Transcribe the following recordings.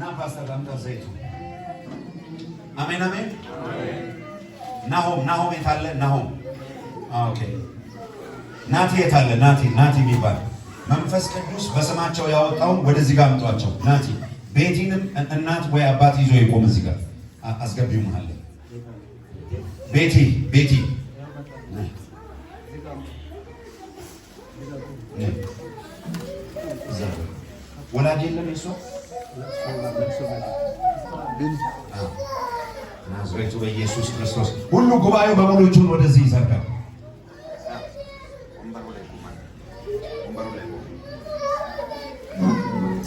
ና ፓስተር ላምጣ ዘይቱ። አሜን አሜን። ናሆም ናሆም የታለ? ናሆም ኦኬ። ናቲ የታለ? ናቲ ናቲ የሚባል መንፈስ ቅዱስ በስማቸው ያወጣውን ወደዚህ ጋር አምጧቸው። ናቲ ቤቲንም እናት ወይ አባት ይዞ ይቆም። እዚህ ጋር አስገቢው መሀል ቤቲ ቤቲ ወላጅ የለም የሷ ናዝሬቱ በኢየሱስ ክርስቶስ ሁሉ ጉባኤው በሙሉ እጁን ወደዚህ ይዘርጋል።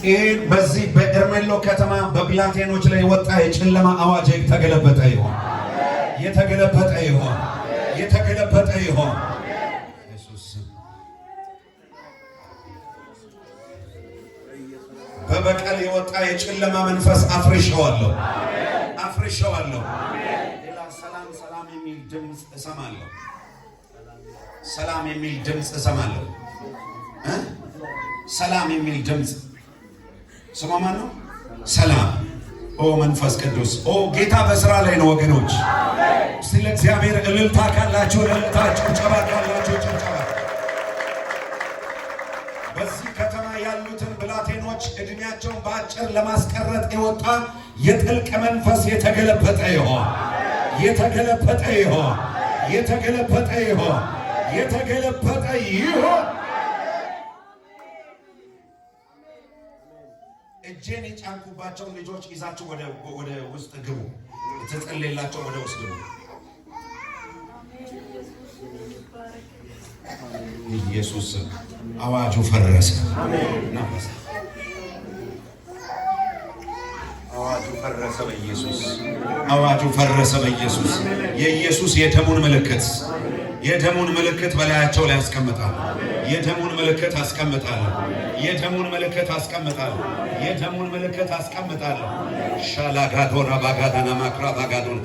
ይህን በዚህ በኤርሜሎ ከተማ በብላቴኖች ላይ ወጣ የጨለማ አዋጅ ተገለበጠ ይሆን? የተገለበጠ ይሆን? የተገለበጠ ይሆን? በበቀል የወጣ የጨለማ መንፈስ አፍርሸዋለሁ፣ አፍርሸዋለሁ። ሌላ ሰላም ሰላም የሚል ድምፅ እሰማለሁ። ሰላም የሚል ድምፅ እሰማለሁ። ሰላም የሚል ድምፅ ስማማ ነው? ሰላም። ኦ መንፈስ ቅዱስ፣ ኦ ጌታ በስራ ላይ ነው ወገኖች። ስለ እግዚአብሔር እልልታ ካላችሁ እልልታችሁ፣ ጭብጨባ ካላችሁ ጭብጨባ ሰዎች እድሜያቸውን በአጭር ለማስቀረጥ የወጣ የጥልቅ መንፈስ የተገለበጠ ይሆን የተገለበጠ ይሆን የተገለበጠ ይሆን የተገለበጠ ይሆን። እጄን የጫንኩባቸውን ልጆች ይዛችሁ ወደ ውስጥ ግቡ። ትጸልላቸው ወደ ውስጥ ግቡ። ኢየሱስ አዋጁ ፈረሰ። ፈረሰ በኢየሱስ አዋጁ ፈረሰ በኢየሱስ የኢየሱስ የደሙን ምልክት የደሙን ምልክት በላያቸው ላይ ያስቀምጣል። የደሙን ምልክት አስቀምጣል። የደሙን ምልክት አስቀምጣል። የደሙን ምልክት አስቀምጣል። ሻላጋዶና ባጋዳና ማክራ ባጋዶን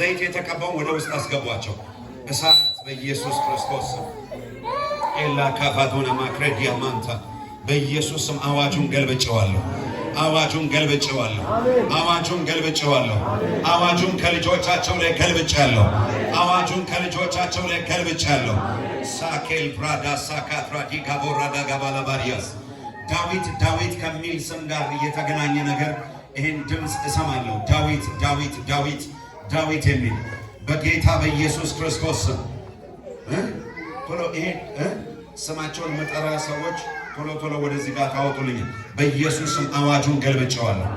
ዘይት የተቀባውን ወደ ውስጥ አስገቧቸው። እሳት በኢየሱስ ክርስቶስ ኤላ ካፋዶና ማክሬዲያ ማንታ በኢየሱስም አዋጁን ገልብጨዋለሁ። አዋጁን ገልብጬዋለሁ። አዋጁን ገልብጬዋለሁ። አዋጁን ከልጆቻቸው ላይ ገልብጬያለሁ። አዋጁን ከልጆቻቸው ላይ ገልብጬያለሁ። ሳኬል ብራዳ ሳካትራ ዲጋቦራዳ ጋባላባሪያስ ዳዊት ዳዊት ከሚል ስም ጋር እየተገናኘ ነገር ይህን ድምፅ እሰማለሁ። ዳዊት ዳዊት ዳዊት ዳዊት የሚል በጌታ በኢየሱስ ክርስቶስ ስም ብሎ ይሄ ስማቸውን መጠራ ሰዎች ቶሎ ቶሎ ወደዚህ ጋር ታወጡልኝ። በኢየሱስም አዋጁን ገልብጨዋለሁ፣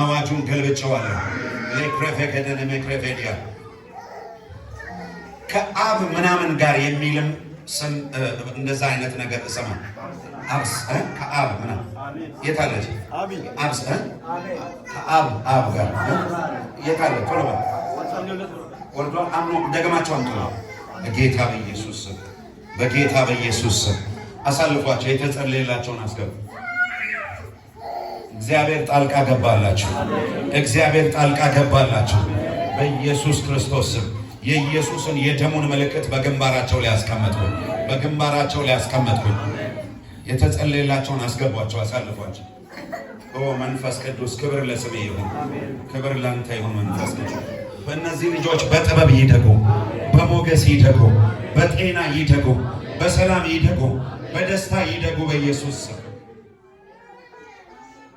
አዋጁን ገልብጨዋለሁ። ሌክረፌከደን ሜክረፌዲያ ከአብ ምናምን ጋር የሚልም ስም እንደዛ አይነት ነገር እሰማ አብስ ከአብ ምናምን የታለች አብስ ከአብ አብ ጋር የታለ ቶሎ ወርዶ አምኖ ደግማቸው አንቱ ነው በጌታ በኢየሱስ ስም በጌታ በኢየሱስ ስም አሳልፏቸው፣ የተጸለየላቸውን አስገቡ። እግዚአብሔር ጣልቃ ገባላቸው። እግዚአብሔር ጣልቃ ገባላችሁ በኢየሱስ ክርስቶስ ስም የኢየሱስን የደሙን ምልክት በግንባራቸው ላይ ያስቀመጥኩ፣ በግንባራቸው ላይ ያስቀመጥኩ። የተጸለየላቸውን አስገቧቸው፣ አሳልፏቸው። ኦ መንፈስ ቅዱስ ክብር ለስሜ ይሁን፣ ክብር ለአንተ ይሁን መንፈስ ቅዱስ። በእነዚህ ልጆች በጥበብ ይደጉ፣ በሞገስ ይደጉ፣ በጤና ይደጉ፣ በሰላም ይደጉ። በደስታ ይደጉ በኢየሱስ ስም።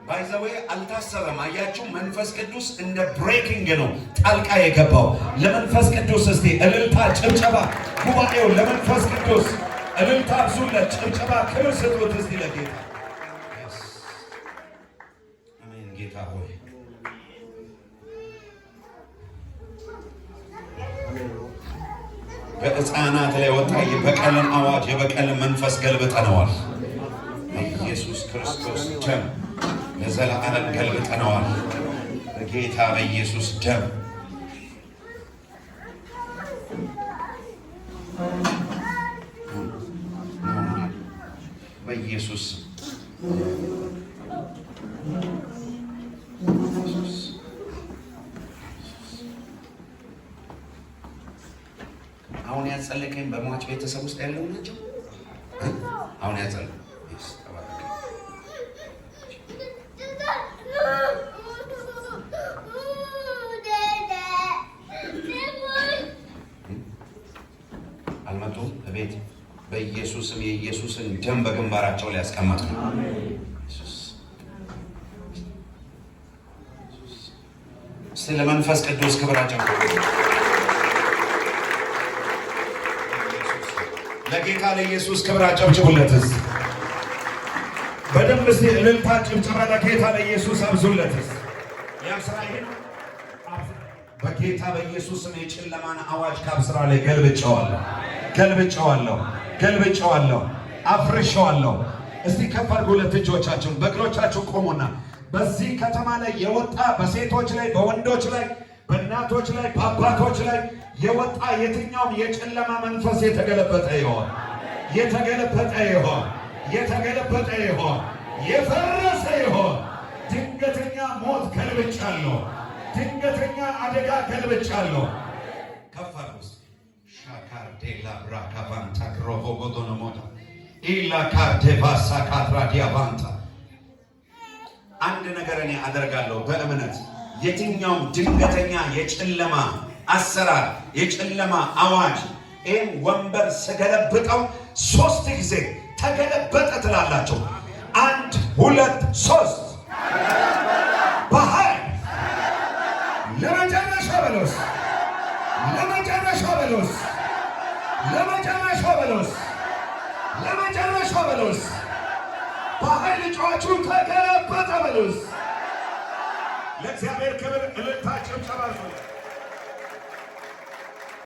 ባይዘዌ አልታሰበም። አያችሁ መንፈስ ቅዱስ እንደ ብሬኪንግ ነው ጣልቃ የገባው። ለመንፈስ ቅዱስ እስቲ እልልታ፣ ጭብጨባ ጉባኤው ለመንፈስ ቅዱስ እልልታ ብዙለት፣ ጭብጨባ ክብር ስጡት እስቲ ለጌታ። አሜን ጌታ ሆይ በሕፃናት ላይ ወጣ የበቀልን አዋጅ የበቀልን መንፈስ ገልብጠነዋል። በኢየሱስ ክርስቶስ ደም ለዘላለም ገልብጠነዋል። በጌታ በኢየሱስ ደም በኢየሱስ ያጸለቀኝ በሟች ቤተሰብ ውስጥ ያለው ናቸው። አሁን ያጸለ አልመጡም እቤት በኢየሱስም የኢየሱስን ደም በግንባራቸው ላይ ያስቀመጡ ነው። ስለ መንፈስ ቅዱስ ክብራቸው ለጌታ ለኢየሱስ ክብር አጨብጭቡለት። በደንብ እስቲ እልልታ ጭብጨባ ለጌታ ለኢየሱስ አብዙለት። ያም ስራ ይሄ ነው። በጌታ በኢየሱስም የጨለማን አዋጅ ካብስራ ላይ ገልብጨዋለሁ፣ ገልብጨዋለሁ፣ ገልብጨዋለሁ፣ አፍርሸዋለሁ። እስቲ ከፍ አድርጉለት እጆቻችሁን። በእግሮቻችሁ ቆሙና በዚህ ከተማ ላይ የወጣ በሴቶች ላይ በወንዶች ላይ በእናቶች ላይ በአባቶች ላይ የወጣ የትኛውም የጨለማ መንፈስ የተገለበጠ ይሆን የተገለበጠ ይሆን የተገለበጠ ይሆን የፈረሰ ይሆን። ድንገተኛ ሞት ገልብጫለሁ። ድንገተኛ አደጋ ገልብጫለሁ። ከፋርስ ሻካር ዴላ ብራካቫንታ ግሮቮ ጎዶኖሞዳ ኢላ ካርቴቫሳ ካትራዲያቫንታ አንድ ነገር እኔ አደርጋለሁ በእምነት የትኛውም ድንገተኛ የጨለማ አሰራር፣ የጨለማ አዋጅ ይህን ወንበር ስገለብጠው ሶስት ጊዜ ተገለበጠ ትላላቸው። አንድ ሁለት ሶስት ባህል ለመጨረሻ በሎስ ለመጨረሻ በሎስ ለመጨረሻ በሎስ ለመጨረሻ በሎስ ባህል ጫዋቹ ተገለበጠ በሎስ ለእግዚአብሔር ክብር እልልታ ጭብጨባ